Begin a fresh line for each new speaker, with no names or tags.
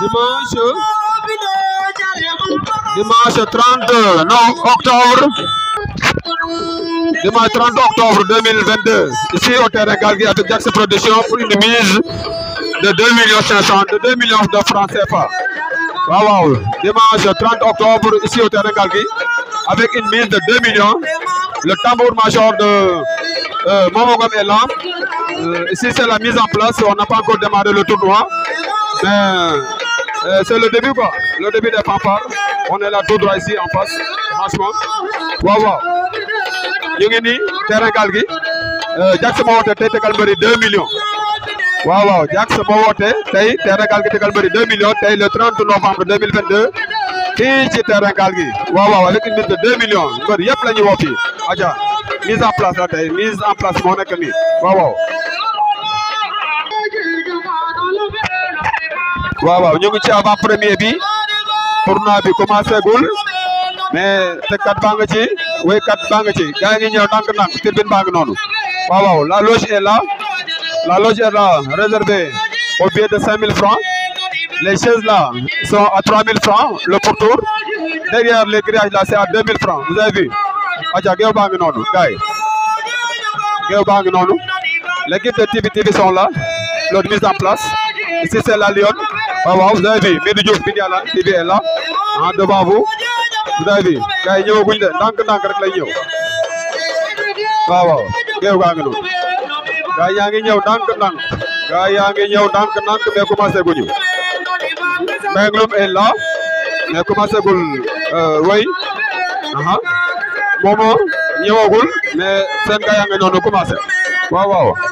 dimanche 30 octobre dimanche 30 octobre 2022 ici au terrain Galgui avec Jax Production pour une mise de 2 millions de 2 millions de francs CFA Wow, dimanche 30 octobre ici au terrain Galgui avec une mise de 2 millions le tambour major de euh, Momogam là euh, ici c'est la mise en place on n'a pas encore démarré le tournoi euh, c'est le début quoi, le début des fanfares. On est là tout droit ici en face, franchement. Waouh, waaw ñu terrain gi euh, Jax moo woote 2 millions. Waouh, waouh, Jax moo terrain gi 2 millions le 30 novembre 2022 est ci terrain Galgi. Waouh, avec une mise de 2 millions Il y a plein de gens qui. mise en place la mise en place waouh, nekk waaw waaw ñu ngi ci avant premier bi tournoi bi commencé gul mais tekkat baa nga ci 4 baa nga ci gaa ngi ñëw tank tribune noonu la loge est là la loge est là réservée au biais de 5000 francs les chaises là sont à 3000 francs le pourtour derrière les grillages là c'est à 2000 francs vous avez vu aca geew baa gars l'équipe de TV, sont là l'autre mise en place ici c'est la Lyon, waaw waaw vous avez vu Midou Diouf Bignona TV est en ah, devant vous vous avez vu gars yi ñëwaguñ de ndànk-ndànk rek lay ñëw waaw waaw géew gaa ngi noonu gars yaa ngi ñëw ndànk-ndànk gars yaa ngi ñëw ndànk-ndànk mais commencé guñu Mbengue est là mais commencé gul way euh, aha moom ñëwagul mais seen gars yaa ngi noonu commencé waaw waaw.